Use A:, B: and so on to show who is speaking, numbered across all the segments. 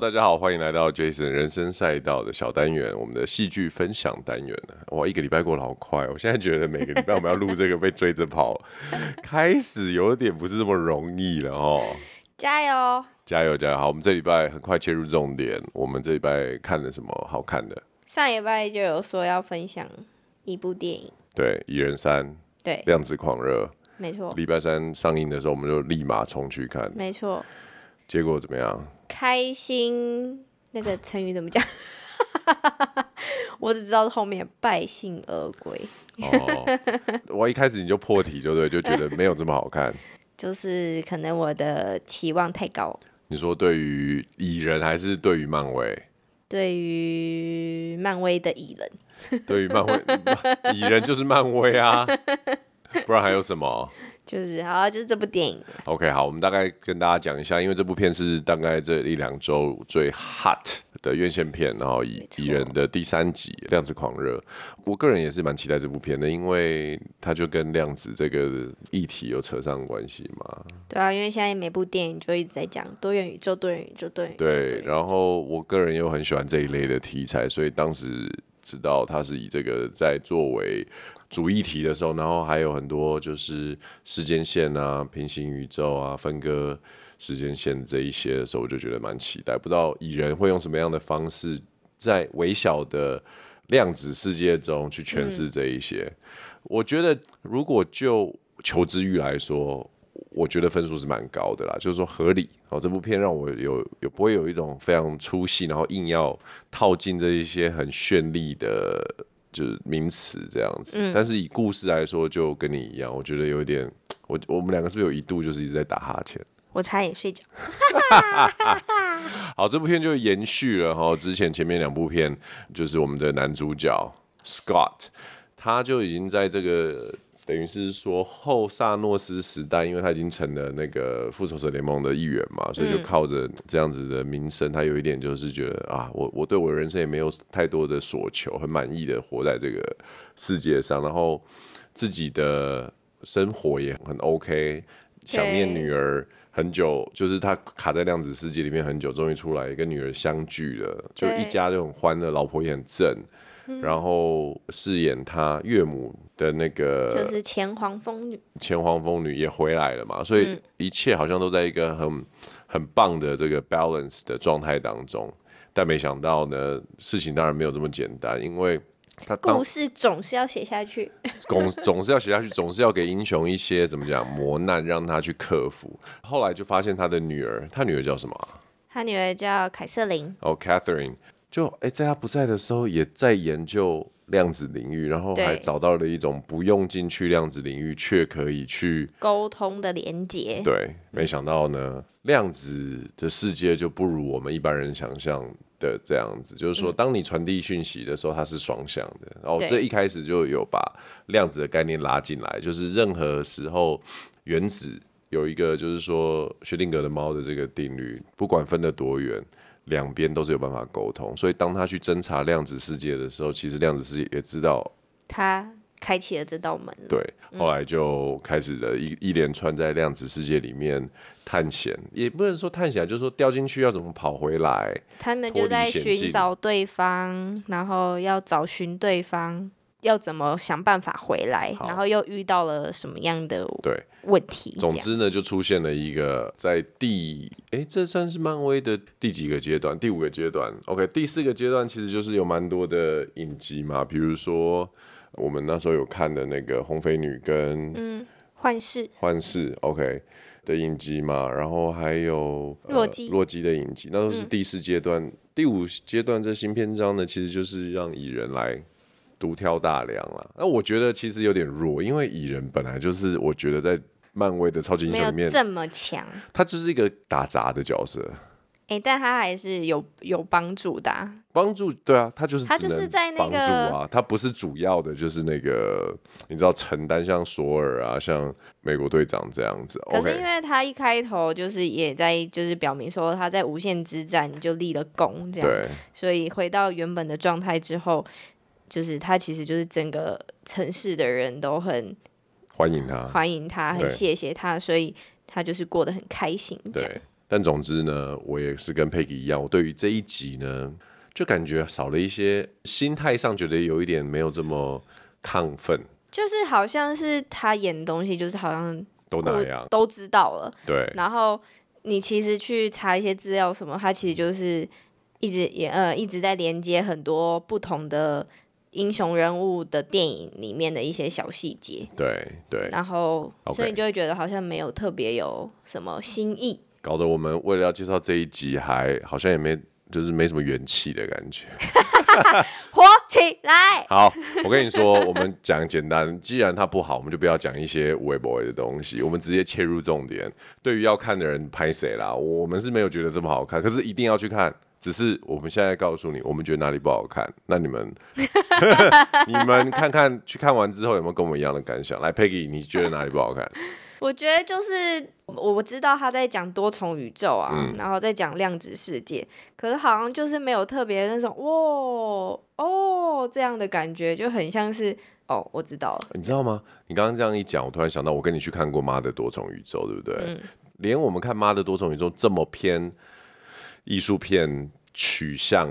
A: 大家好，歡迎來到 Jason 人生賽道的小單元，我們的戲劇分享單元呢。哇，一個禮拜過得好快，哦，我現在覺得每個禮拜我們要錄這個被追着跑， 開始有點不是這麼容易了哦。加油，加油，加油！好，我們這禮拜很快切入重點。我們這禮拜看了什麼好看的？
B: 上禮拜就有說要分享一部電影，
A: 對，《蟻人三》對，《量子狂熱》沒錯。禮拜三上映的時候，我們就立馬衝去看，沒錯。結果怎麼樣？
B: 開心那個成語怎麼講？ 我只知道後面敗興而歸。
A: 哦，我一開始你就破題，就對？就覺得沒有這麼好看。
B: 就是可能我的期望太高。
A: 你說對於蟻人還是對於漫威？
B: 對於漫威的蟻
A: 人。 對於漫威，
B: 蟻人就是
A: 漫威啊，不然還有什麼？
B: 就是好，就是這部電影。
A: OK，好，我們大概跟大家講一下，因為這部片是大概這一兩周最 hot 的院線片，然後蟻，沒錯，人的第三集《量子狂熱》，我個人也是蠻期待這部片的，因為它就跟量子這個議題有扯上關係嘛。
B: 對啊，因為現在每部電影就一直在講多元宇宙、多元宇宙，對。
A: 對，然後我個人又很喜歡這一類的題材，所以當時，知道他是以這個在作為主議題的時候，然後還有很多就是時間線啊、平行宇宙啊、分割時間線這一些的時候，我就覺得蠻期待。不知道蟻人會用什麼樣的方式，在微小的量子世界中去詮釋這一些。嗯。我覺得，如果就求知慾來說，我覺得分數是蠻高的啦，就是說合理。好、哦，這部片讓我有有不會有一種非常出戲，然後硬要套進這一些很絢麗的，就是名詞這樣子。嗯、但是以故事來說，就跟你一樣，我覺得有一點我我們兩個是不是有一度就是一直在打哈欠，
B: 我差點睡覺。
A: 好，這部片就延續了哈、哦，之前前面兩部片就是我們的男主角 Scott，他就已經在這個。等於是說後薩諾斯時代，因為他已經成了那個復仇者聯盟的一員嘛，所以就靠着這樣子的名聲，他有一點就是覺得啊，我我對我的人生也沒有太多的所求，很滿意的活在這個世界上，然後自己的生活也很 OK，想念女兒很久，就是他卡在量子世界裡面很久，終於出來跟女兒相聚了，就一家就很歡樂，老婆也很正。然後飾演他岳母的那個，就是
B: 前黃蜂女，
A: 前黃蜂女也回來了嘛，所以一切好像都在一個很很棒的這個 balance 的狀態當中。但沒想到呢，事情當然沒有這麼簡單，因為他故事總，
B: 總是要寫下去，總 總
A: 是要寫下去，總是要給英雄一些怎麼講磨難，讓他去克服。後來就發現他的女兒，他女兒叫什麼？
B: 他女兒叫凱瑟琳，哦
A: ，oh, Catherine。就哎，在他不在的時候，也在研究量子領域，然後還找到了一種不用進去量子領域卻可以去
B: 溝通的連接。對，
A: 沒想到呢，量子的世界就不如我們一般人想象的這樣子。就是說，當你傳遞訊息的時候，它是雙向的。然後這一開始就有把量子的概念拉進來，就是任何時候原子有一個，就是說薛定諤的貓的這個定律，不管分得多遠。兩邊都是有辦法溝通，所以當他去偵查量子世界的時候，其實量子世界也知道
B: 他開啟了這道門。對，嗯、後
A: 來就開始了一一連串在量子世界裡面探險，也不能說探險，就是說掉進去要怎麼跑回來。他們就在尋找
B: 對方，然後要找尋對方。要怎麼想辦法回來？好然後又遇到了什麼樣的對問
A: 題對？總之呢，就出現了一個在第哎，這算是漫威的第幾個階段？第五個階段？OK，第四個階段其實就是有蠻多的影集嘛，比如說我們那時候有看的那個紅飛女跟
B: 幻嗯幻
A: 視幻視 OK 的影集嘛，然後還有、呃、洛基洛基的影集，那都是第四階段、嗯、第五階段這新篇章呢，其實就是讓蟻人來。獨挑大樑了、啊，那、啊、我覺得其實有點弱，因為蟻人本來就是我覺得在漫威的超級英雄裡面這
B: 麼強，
A: 他就是一個打雜的角色，
B: 哎、欸，但他還是有有幫助的、啊，
A: 幫助對啊，他就是、啊、他就是在那個啊，他不是主要的，就是那個你知道承擔像索爾啊，像美國隊長這樣子。可是因
B: 為他一開頭就是也在就是表明說他在無限之戰就立了功這樣，對，所以回到原本的狀態之後。就是他，其實就是整個城市的人都很
A: 歡迎他，歡迎他，對很謝
B: 謝他，所以他就是過得很開心。對，
A: 但總之呢，我也是跟佩奇一樣，我對於這一集呢，就感覺少了一些，心態上覺得有一點沒有這麼亢奮，
B: 就是好像是他演的東西，就是好像
A: 都那樣都知
B: 道了。對，然後你其實去查一些資料，什麼他其實就是一直也呃一直在連接很多不同的。英雄人物的電影裡面的一些小細節，
A: 對對，
B: 然後 Okay. 所以你就會覺得好像沒有特別有什麼新意，
A: 搞得我們為了要介紹這一集，還好像也沒就是沒什麼元氣的感覺，
B: 火 起來！
A: 好，我跟你說，我們講簡單， 既然它不好，我們就不要講一些微博的東西，我們直接切入重點。對於要看的人，拍誰啦？我們是沒有覺得這麼好看，可是一定要去看。只是我們現在告訴你，我們覺得哪裡不好看，那你們 你們看看，去看完之後有沒有跟我們一樣的感想？來，Peggy，你覺得哪裡不好看？
B: 我覺得就是我知道他在講多重宇宙啊，嗯、然後在講量子世界，可是好像就是沒有特別那種哇哦這樣的感覺，就很像是哦，我知道了。
A: 你知道嗎？你剛剛這樣一講，我突然想到，我跟你去看過《媽的多重宇宙》，對不對？嗯、連我們看《媽的多重宇宙》這麼偏，藝術片取向，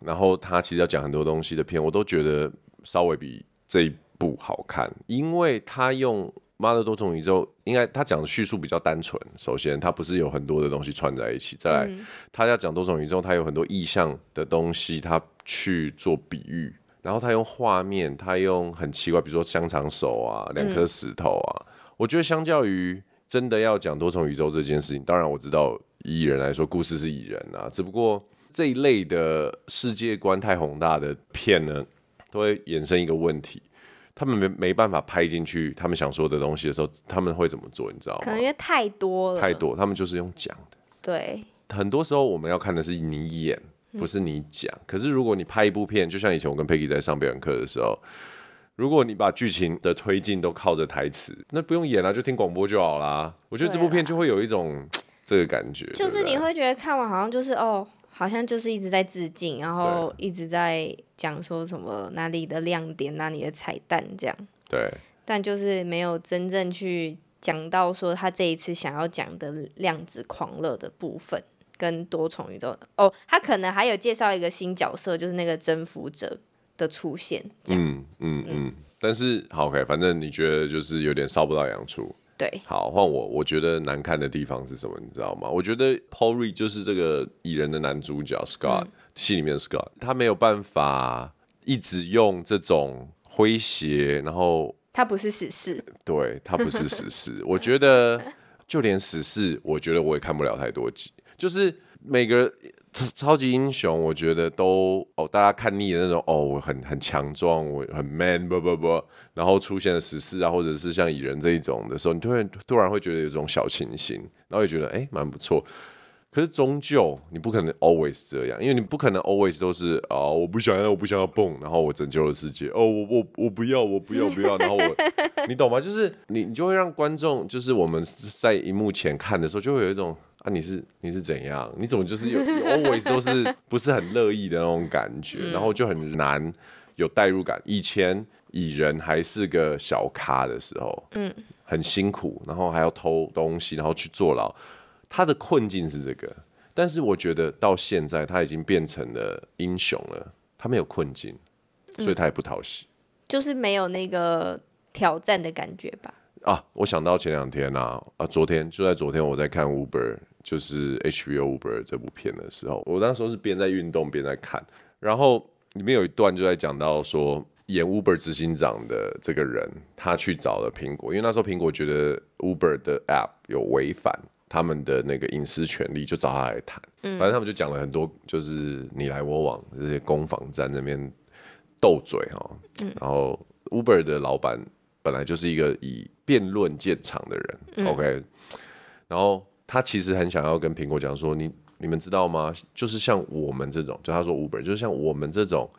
A: 然後他其實要講很多東西的片，我都覺得稍微比這一部好看，因為他用《媽的多重宇宙》，應該他講的敘述比較單純。首先，他不是有很多的東西串在一起，再來，他要講多重宇宙，他有很多意象的東西，他去做比喻，然後他用畫面，他用很奇怪，比如說香腸手啊，兩顆石頭啊。嗯，我覺得相較於真的要講多重宇宙這件事情，當然我知道。以蟻人來說，故事是蟻人啊，只不過這一類的世界觀太宏大的片呢，都會衍生一個問題，他們沒沒辦法拍進去他們想說的東西的時候，他們會怎麼做？你知道嗎？可
B: 能因為太多了，太
A: 多，他們就是用講的。對，很多時候我們要看的是你演，不是你講。嗯、可是如果你拍一部片，就像以前我跟佩奇在上表演課的時候，如果你把劇情的推進都靠着台詞，那不用演了，啊，就聽廣播就好啦。我覺得這部片就會有一種。這個感覺就是你
B: 會覺得看完好像就是吧哦，好像就是一直在致敬，然後一直在講說什麼哪裡的亮點、哪裡的彩蛋這樣。對。但就是沒有真正去講到說他這一次想要講的量子狂熱的部分跟多重宇宙的，哦，他可能還有介紹一個新角色，就是那個征服者的出現
A: 這樣。嗯、嗯、嗯。嗯、嗯、嗯，但是好，OK，反正你覺得就是有點搔不到癢處。對好換我，我覺得難看的地方是什麼，你知道嗎？我覺得 Paul Rudd 就是這個蟻人的男主角 Scott，戲、嗯、裡面 Scott，他沒有辦法一直用這種詼諧，然後
B: 他不是死侍，
A: 對，他不是死侍。 我覺得，就連死侍，我覺得我也看不了太多集，就是每個人。超超級英雄，我覺得都哦，大家看膩的那種哦，我很很強壯，我很 man，不不不，然後出現了死侍啊，或者是像蟻人這一種的時候，你會突，突然會覺得有一種小清新，然後也覺得哎、欸，蠻不錯。可是終究你不可能 always 這樣，因為你不可能 always 都是啊、哦，我不想要，我不想要蹦，然後我拯救了世界。哦，我我我不要，我不要我不要， 然後我，你懂嗎？就是你你就會讓觀眾，就是我們在熒幕前看的時候，就會有一種。啊，你是你是怎樣？你怎麼就是有 always 都是不是很樂意的那種感覺， 然後就很難有代入感。以前蟻人還是個小咖的時候，嗯，很辛苦，然後還要偷東西，然後去坐牢，他的困境是這個。但是我覺得到現在他已經變成了英雄了，他沒有困境，所以他也不討喜，嗯，
B: 就是沒有那個挑戰的感覺吧。
A: 啊，我想到前兩天啊，啊，昨天就在昨天我在看 Uber。就是 HBO Uber 這部片的時候，我那時候是邊在運動邊在看，然後裡面有一段就在講到說，演 Uber 執行長的這個人，他去找了蘋果，因為那時候蘋果覺得 Uber 的 App 有違反他們的那個隱私權利，就找他來談。反正他們就講了很多，就是你來我往這些攻防戰那邊鬥嘴哈。嗯，然後 Uber 的老闆本來就是一個以辯論見長的人，OK，然後。他其實很想要跟蘋果講說，你你們知道嗎？就是像我們這種，就他說 Uber，就是像我們這種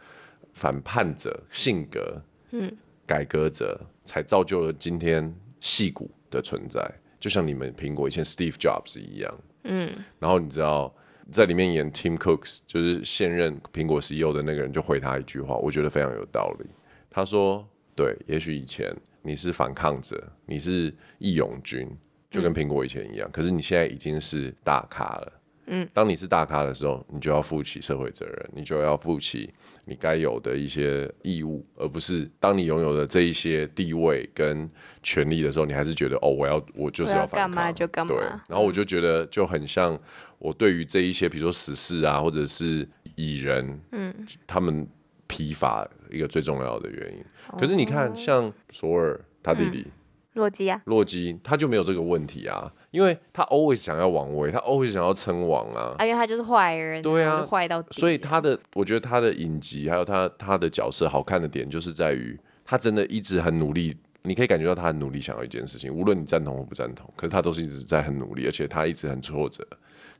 A: 反叛者性格，嗯，改革者，才造就了今天矽谷的存在。就像你們蘋果以前 Steve Jobs 一樣，嗯。然後你知道，在裡面演 Tim Cooks，就是現任蘋果 CEO 的那個人，就回他一句話，我覺得非常有道理。他說：“對，也許以前你是反抗者，你是義勇軍。”就跟蘋果以前一樣，嗯、可是你現在已經是大咖了。嗯，當你是大咖的時候，你就要負起社會責任，你就要負起你該有的一些義務，而不是當你擁有的這一些地位跟權利的時候，你還是覺得哦，我要我就是要反抗，幹嘛
B: 就幹嘛。對，然後我
A: 就覺得就很像我對於這一些，比如說死侍啊，或者是蟻人，嗯，他們疲乏一個最重要的原因。嗯、可是你看，像索爾他弟弟。嗯洛基啊，洛基他就沒有這個問題啊，因為他 always 想要王位，他 always 想要稱王啊，
B: 啊因為他就是壞人，啊，對啊，壞到，啊，所以
A: 他的我覺得他的影集還有他他的角色好看的點就是在於他真的一直很努力。你可以感覺到他很努力，想要一件事情，無論你贊同或不贊同，可是他都是一直在很努力，而且他一直很挫折。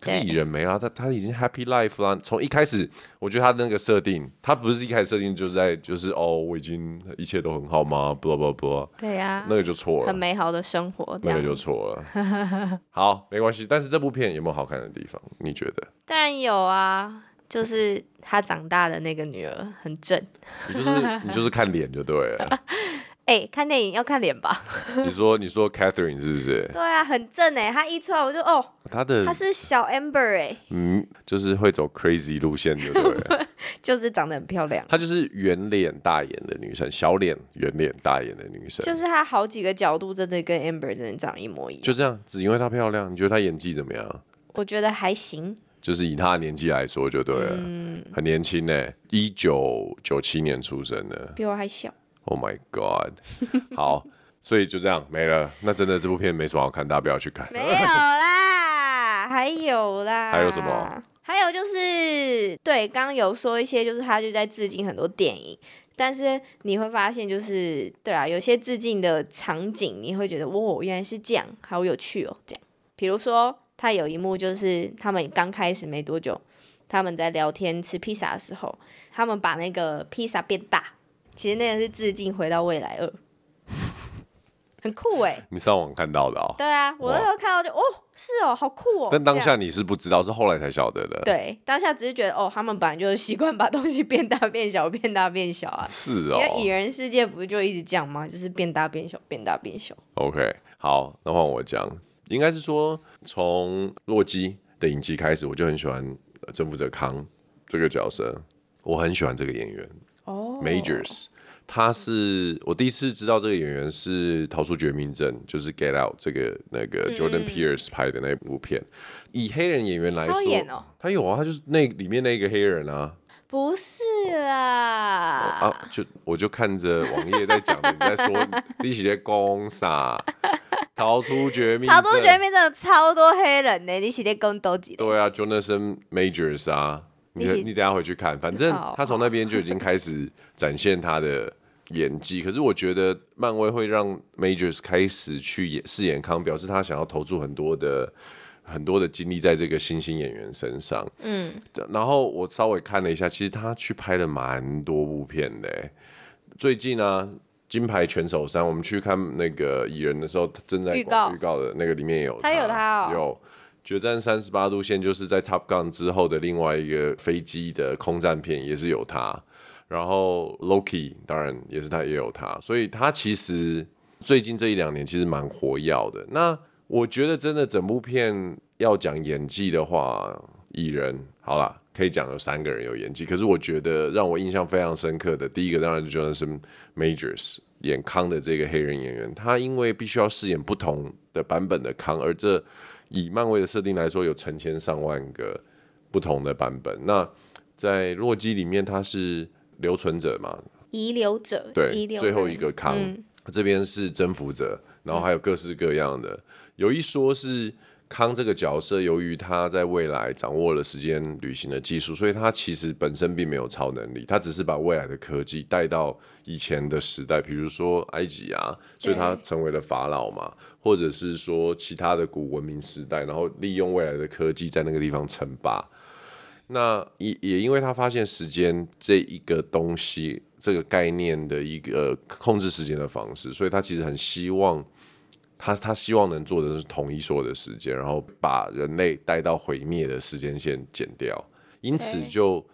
A: 可是蟻人沒啊，他他已經 happy life 啦。從一開始，我覺得他的那個設定，他不是一開始設定就是在就是哦，我已經一切都很好嗎？不不不，對呀。那個就錯了。很
B: 美好的生活。對，那個就錯了。
A: 好，沒關係。但是這部片有沒有好看的地方？你覺得？
B: 當然有啊，就是他長大的那個女兒很正
A: 你、就是。你就是你就是看臉就對了。
B: 哎、欸，看電影要看臉吧？
A: 你說，你說 Catherine 是不是、嗯？
B: 對啊，很正哎、欸，她一出來我就哦，她的她是小 Amber 哎、
A: 欸，嗯，就是會走 crazy 路線就對了，對不對？
B: 就是長得很漂亮，她
A: 就是圓臉大眼的女生，小臉圓臉大眼的女生，就是
B: 她好幾個角度真的跟 Amber 真的長一模一樣。
A: 就這樣，只因為她漂亮，你覺得她演技怎麼樣？
B: 我覺得還行，
A: 就是以她的年紀來說就對了，嗯、很年輕哎、欸，一九九七年出生的，
B: 比我還小。
A: Oh my god! 好，所以就這樣沒了。那真的這部片沒什麼好看，大家不要去看。
B: 沒有啦，還有啦。還有什麼？還有就是，對，剛剛有說一些，就是他就在致敬很多電影，但是你會發現，就是對啊，有些致敬的場景，你會覺得哇，原來是這樣，好有趣哦、喔，這樣。比如說，他有一幕就是他們剛開始沒多久，他們在聊天吃披薩的時候，他們把那個披薩變大。其實那個是致敬《回到未來二，》 很酷哎、
A: 欸！你上網看到的啊、喔？對
B: 啊，我那時候看到就哦哇、喔，是哦、喔，好酷哦、喔！但當下
A: 你是不知道，樣是後來才曉得的。
B: 對，當下只是覺得哦、喔，他們本來就是習慣把東西變大變小，變大變小啊。是哦、喔，因為《蟻人》世界不是就一直講嗎？就是變大變小，變大變小。
A: OK，好，那換我講，應該是說從洛基的影集開始，我就很喜歡征服者康這個角色，我很喜歡這個演員。Majors，他是我第一次知道這個演員是《逃出絕命鎮》，就是《Get Out》這個那個 Jordan Peele 拍的那部片。嗯、以黑人演員來說，他有,哦、他有啊，他就是那裡面那個黑人啊。
B: 不是、哦、
A: 啊，就我就看着網頁在講你 在說你系列公啥，《 逃出絕命鎮》。逃出絕
B: 命鎮有超多黑人呢、欸，你系列公都記
A: 得。對啊，Jonathan Majors 啊。你你等一下回去看，反正他從那邊就已經開始展現他的演技。 可是我覺得漫威會讓 Majors 開始去飾演康，表示他想要投注很多的很多的精力在這個新星、星演員身上。嗯，然後我稍微看了一下，其實他去拍了蠻多部片的，欸。最近啊，《金牌拳手三》，我們去看那個蟻人的時候，他正在廣告預告的那個裡面有他，
B: 他有他，哦、
A: 有。決戰三十八度線，就是在 Top Gun 之後的另外一個飛機的空戰片，也是有他，然後 Loki 當然也是他也有他，所以他其實最近這一兩年其實蠻活躍的。那我覺得真的整部片要講演技的話，蟻人好啦，可以講有三個人有演技，可是我覺得讓我印象非常深刻的第一個當然就是 Jonathan Majors 演康的這個黑人演員，他因為必須要飾演不同的版本的康，而這。以漫威的設定來說，有成千上萬個不同的版本。那在洛基裡面，他是留存者嘛，
B: 遺留者，對，遺留，最後一個康，嗯、
A: 這邊是征服者，然後還有各式各樣的。有一說是。康這個角色，由於他在未來掌握了時間旅行的技術，所以他其實本身並沒有超能力，他只是把未來的科技帶到以前的時代，比如說埃及啊，所以他成為了法老嘛，或者是說其他的古文明時代，然後利用未來的科技在那個地方稱霸。那也也因為他發現時間這一個東西，這個概念的一個控制時間的方式，所以他其實很希望。他他希望能做的是統一所有的時間，然後把人類帶到毀滅的時間線剪掉，Okay. 因此就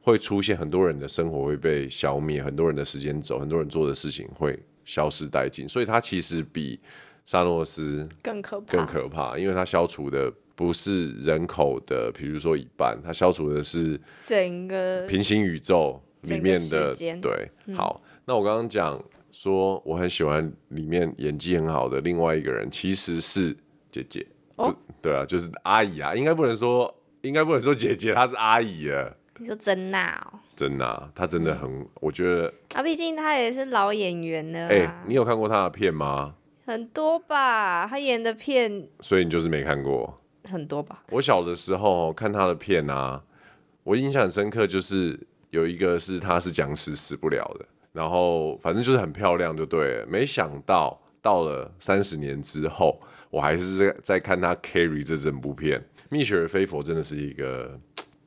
A: 會出現很多人的生活會被消滅，很多人的時間走，很多人做的事情會消失殆盡。所以，他其實比薩諾斯更可怕，更可怕，因為他消除的不是人口的，比如說一半，他消除的是
B: 整個平
A: 行宇宙裡面的整個這個時間、嗯、對。好，那我剛剛講。說我很喜歡裡面演技很好的另外一個人，其實是姐姐，哦、對啊，就是阿姨啊，應該不能說，應該不能說姐姐，她是阿姨啊，你
B: 說曾娜、
A: 啊哦？曾娜、啊，她真的很，我覺得
B: 啊，畢竟她也是老演員呢、啊。哎、
A: 欸，你有看過她的片嗎？
B: 很多吧，她演的片。
A: 所以你就是沒看過很多吧？我小的時候看她的片啊，我印象很深刻，就是有一個是她是殭屍，死不了的。然後反正就是很漂亮，就對了。沒想到到了三十年之後，我還是在看她《Carrie》這整部片，《蜜雪兒·菲佛》真的是一個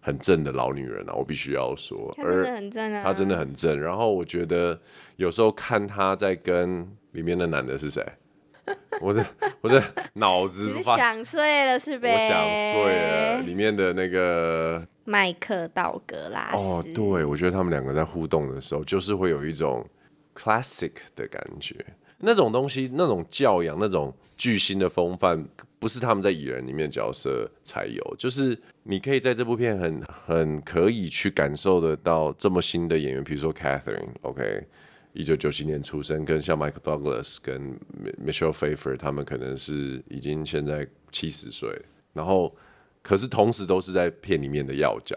A: 很正的老女人啊，我必須要說。而她真的很正啊！她真的很正。然後我覺得有時候看她在跟裡面的男的是誰，我這我這腦子，你想
B: 睡了是不？我想睡了。
A: 裡面的那個。
B: 麥克道格拉斯哦，oh,
A: 對，我覺得他們兩個在互動的時候，就是會有一種 classic 的感覺。那種東西，那種教養，那種巨星的風範，不是他們在蟻人裡面的角色才有。就是你可以在這部片很很可以去感受得到這麼新的演員，譬如說 Catherine，OK，、okay, 一九九七年出生，跟像 Michael Douglas、跟 Michelle Pfeiffer，他們可能是已經現在七十歲，然後。可是同時都是在片裡面的要角，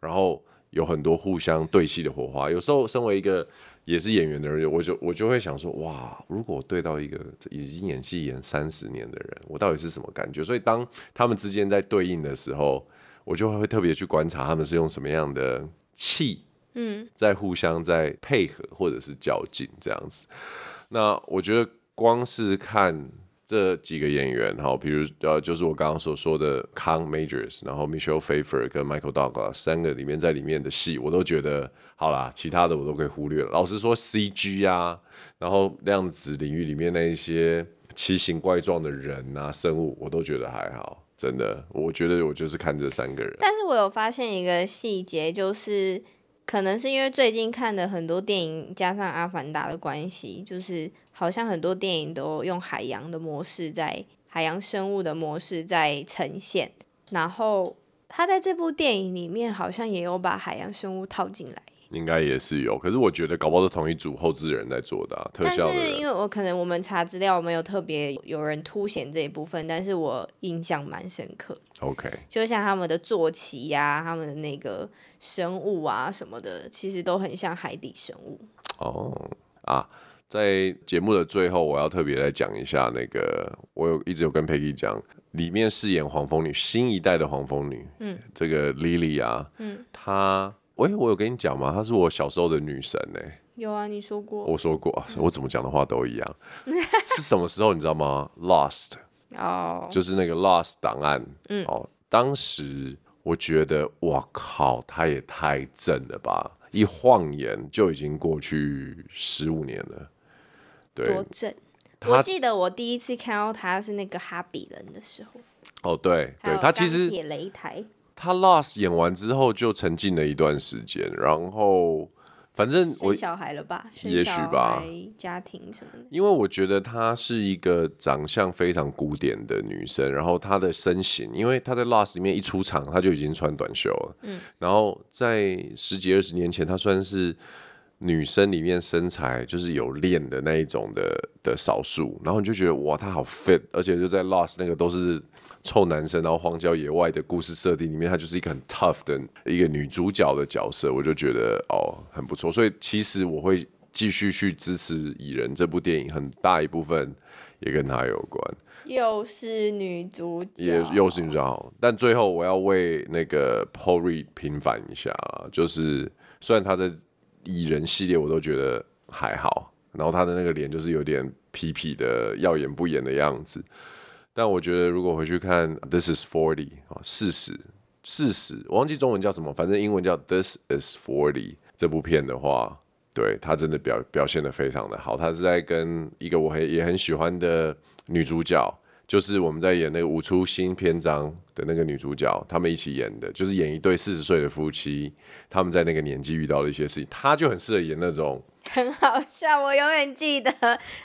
A: 然後有很多互相對戲的火花。有時候身為一個也是演員的人，我就我就會想說，哇，如果我對到一個已經演戲演三十年的人，我到底是什麼感覺？所以當他們之間在對應的時候，我就會特別去觀察他們是用什麼樣的氣，嗯，在互相在配合或者是較勁這樣子。那我覺得光是看。這幾個演員哈，比如呃，就是我剛剛所說的康梅傑斯，然後 Michelle Pfeiffer 跟 Michael Douglas 三個裡面在裡面的戲，我都覺得好了，其他的我都可以忽略了。老實說，CG 啊，然後量子領域裡面那一些奇形怪狀的人啊、生物，我都覺得還好，真的，我覺得我就是看這三個人。
B: 但是我有發現一個細節，就是。可能是因為最近看的很多電影，加上《阿凡達》的關係，就是好像很多電影都用海洋的模式在，在海洋生物的模式在呈現。然後他在這部電影裡面，好像也有把海洋生物套進來。
A: 應該也是有，可是我覺得搞不好是同一組後製人在做的、啊、是特效的。但是因
B: 為我可能我們查資料，沒有特別有人凸顯這一部分，但是我印象蠻深刻。OK，就像他們的坐騎呀、啊，他們的那個生物啊什麼的，其實都很像海底生物。
A: 哦、oh, 啊，在節目的最後，我要特別來講一下那個，我有一直有跟佩奇講，裡面飾演黃蜂女新一代的黃蜂女，嗯，這個莉莉啊，嗯，她。喂、欸，我有跟你講嗎？她是我小時候的女神呢、欸。
B: 有啊，你說
A: 過。我說過，我怎麼講的話都一樣。嗯、 是什麼時候？你知道嗎？Lost。哦，就是那個 Lost 檔案。嗯。哦，當時我覺得，哇靠，她也太正了吧！一晃眼就已經過去十五年了。對。多正！她我記
B: 得我第一次看到她是那個哈比人的時
A: 候。哦，對對，她其實。鋼鐵
B: 擂台。
A: 她《Lost》演完之後就沉寂了一段時間，嗯、然後反正生小
B: 孩了吧，家庭什麼的。
A: 因為我覺得她是一個長相非常古典的女生，嗯、然後她的身形，因為她在《Lost》裡面一出場，她就已經穿短袖了。嗯，然後在十幾二十年前，她算是。女生裡面身材就是有練的那一種的的少數，然後你就覺得哇，她好 fit，而且就在 Lost 那個都是臭男生，然後荒郊野外的故事設定裡面，她就是一個很 tough 的一個女主角的角色，我就覺得哦，很不錯，所以其實我會繼續去支持蟻人這部電影，很大一部分也跟她有關，
B: 又是女主角，也
A: 又是女主角，但最後我要為那個 Paul Rudd 平反一下，就是雖然她在。蟻人系列我都覺得還好，然後他的那個臉就是有點痞痞的，要演不演的樣子。但我覺得如果回去看《This is Forty》啊，四十，四十，我忘記中文叫什麼，反正英文叫《This is Forty》這部片的話，對，他真的表表現的非常的好，他是在跟一個我很也很喜歡的女主角。就是我們在演那個《舞出新篇章》的那個女主角，他們一起演的，就是演一對四十歲的夫妻，他們在那個年紀遇到了一些事情，他就很適合演那種，
B: 很好笑。我永遠記得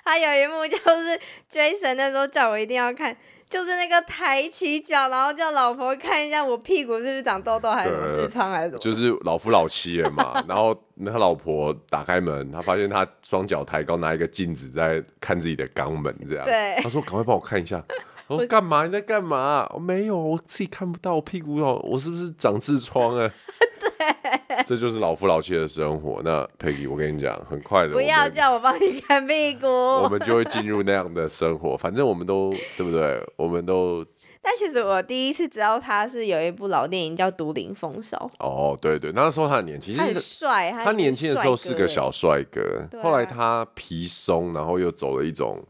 B: 他有一幕，就是追神的時候叫我一定要看。就是那個抬起腳，然後叫老婆看一下我屁股是不是長痘痘，還是痔瘡，還是什麼
A: 痔、嗯？就是老夫老妻了嘛。 然後他老婆打開門， 他發現他雙腳抬高，拿一個鏡子在看自己的肛門，這樣。 對。他說：“趕快幫我看一下。”我說：“幹嘛？你在幹嘛、啊？”我沒有，我自己看不到我屁股哦。我是不是長痔瘡啊？ 這就是老夫老妻的生活。那佩姬，我跟你講，很快的，不
B: 要叫我幫你看屁股。 我們就會
A: 進入那樣的生活。反正我們都對不對？我們都。
B: 但其實我第一次知道他是有一部老電影叫《獨領風騷》。
A: 哦，對對，那時候他很年輕，他很帥。他年輕的時候是個小帥哥、， 啊、小帥哥，後來他皮鬆，然後又走了一種，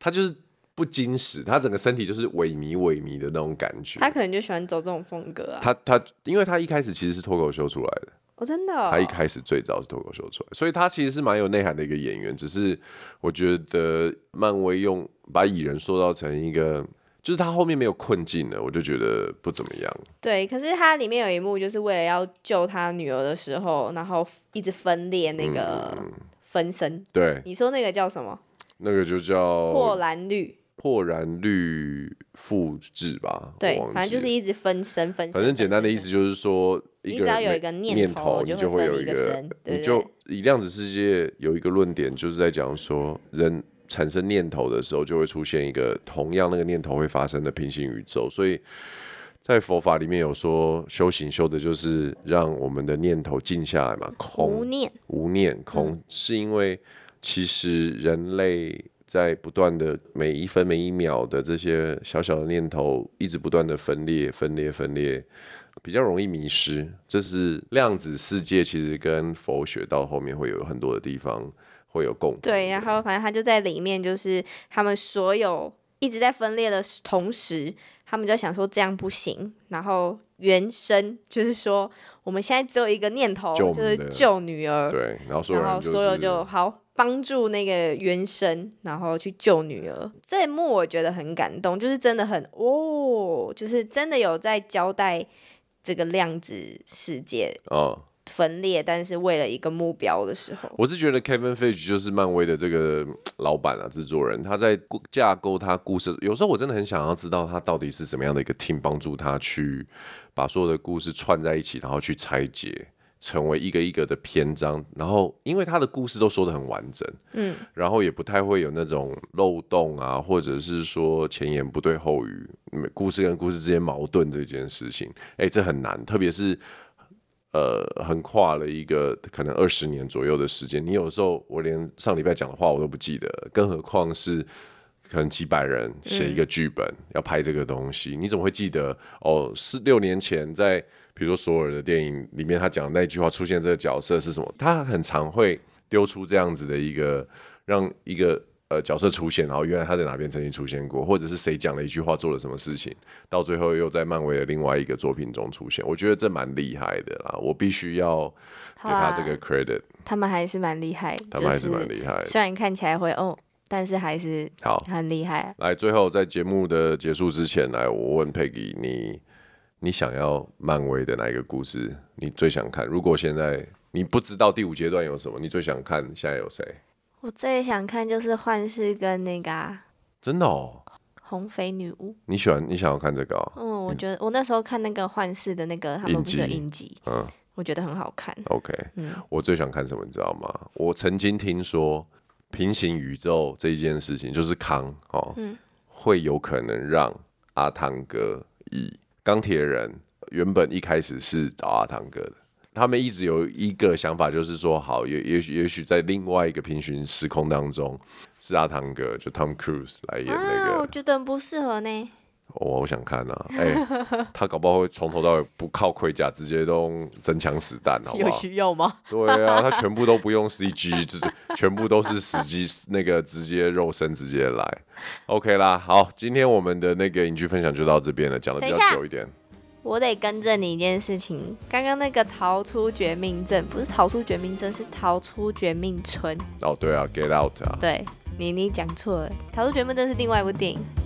A: 他就是。不矜持，他整個身體就是萎靡、萎靡的那種感覺。他可
B: 能就喜歡走這種風格啊。他
A: 他，因為他一開始其實是脫口秀出來的。
B: 我、哦、真的、哦。他一
A: 開始最早是脫口秀出來，所以他其實是蠻有內涵的一個演員。只是我覺得漫威用把蟻人塑造成一個，就是他後面沒有困境了，我就覺得不怎麼樣。
B: 對，可是他裡面有一幕，就是為了要救他女兒的時候，然後一直分裂那個分身。嗯嗯嗯對，你說那個叫什麼？
A: 那個就叫破藍綠。破然律複製吧，對，反正就
B: 是一直分身分身。反正
A: 簡單的意思就是說，只要有一個念頭你就會分一個身，念頭你就會有一個。對對對，你就以量子世界有一個論點，就是在講說，人產生念頭的時候，就會出現一個同樣那個念頭會發生的平行宇宙。所以在佛法裡面有說，修行修的就是讓我們的念頭靜下來嘛，空無念，無念空，嗯、是因為其實人類。在不斷的每一分每一秒的這些小小的念頭，一直不斷的分裂、分裂、分裂，比較容易迷失。這是量子世界，其實跟佛學到後面會有很多的地方會有共通，
B: 對，對，然後反正他就在裡面，就是他們所有一直在分裂的同時，他們就想說這樣不行。然後原生就是說我們現在只有一個念頭，就是救女兒。對，然後所
A: 有人就是，然後所有就
B: 好。幫助那個原生然後去救女兒這一幕，我覺得很感動，就是真的很哦，就是真的有在交代這個量子世界哦，分裂，哦、但是為了一個目標的時候，
A: 我是覺得 Kevin Feige 就是漫威的這個老闆啊，制作人，他在架構他故事，有時候我真的很想要知道他到底是怎麼樣的一個 team 幫助他去把所有的故事串在一起，然後去拆解。成為一個一個的篇章，然後因為他的故事都說得很完整，嗯，然後也不太會有那種漏洞，啊，或者是說前言不對後語，故事跟故事之間矛盾這件事情，哎、欸，這很難，特別是呃，橫跨了一個可能二十年左右的時間，你有時候我連上禮拜講的話我都不記得，更何況是可能幾百人寫一個劇本，嗯、要拍這個東西，你怎麼會記得？哦，四六年前在。比如說索爾的電影裡面，他講的那一句話出現這個角色是什麼？他很常會丟出這樣子的一個讓一個呃角色出現，然後原來他在哪邊曾經出現過，或者是誰講了一句話做了什麼事情，到最後又在漫威的另外一個作品中出現。我覺得這蠻厲害的啦，我必須要給他這個 credit、啊。
B: 他們還是蠻厲害，他們還是蠻厲害。就是、雖然看起來會哦，但是還是好很厲害。
A: 來，最後在節目的結束之前，來我問 Peggy 你。你想要漫威的哪一個故事？你最想看？如果現在你不知道第五階段有什麼，你最想看現在有誰？
B: 我最想看就是幻視跟那個、啊、
A: 真的哦，緋
B: 紅女巫。
A: 你喜歡？你想要看這個、啊？嗯，
B: 我覺得我那時候看那個幻視的那個他們的影集，嗯，我覺得很好看。OK，嗯，okay. 嗯，
A: 我最想看什麼？你知道嗎？我曾經聽說平行宇宙這一件事情，就是康哦，嗯，會有可能讓阿湯哥以鋼鐵人原本一開始是找阿湯哥的，他們一直有一個想法，就是說好，也許也許在另外一個平行時空當中，是阿湯哥就 Tom Cruise 來演那個，
B: 啊，我覺得很不適合呢。
A: Oh, 我想看啊，哎、欸，他搞不好會從頭到尾不靠盔甲，直接都真槍實彈，好不好？有需要嗎？對啊，他全部都不用 CG， 就全部都是實機，那個直接肉身直接來，OK 啦。好，今天我們的那個影劇分享就到這邊了，講得比較久一點。一
B: 我得跟着你一件事情，剛剛那個逃出絕命鎮不是逃出絕命鎮，是逃出絕命村。
A: 哦，oh, 對啊，Get Out 啊。
B: 對，你你講錯了，逃出絕命鎮是另外一部電影。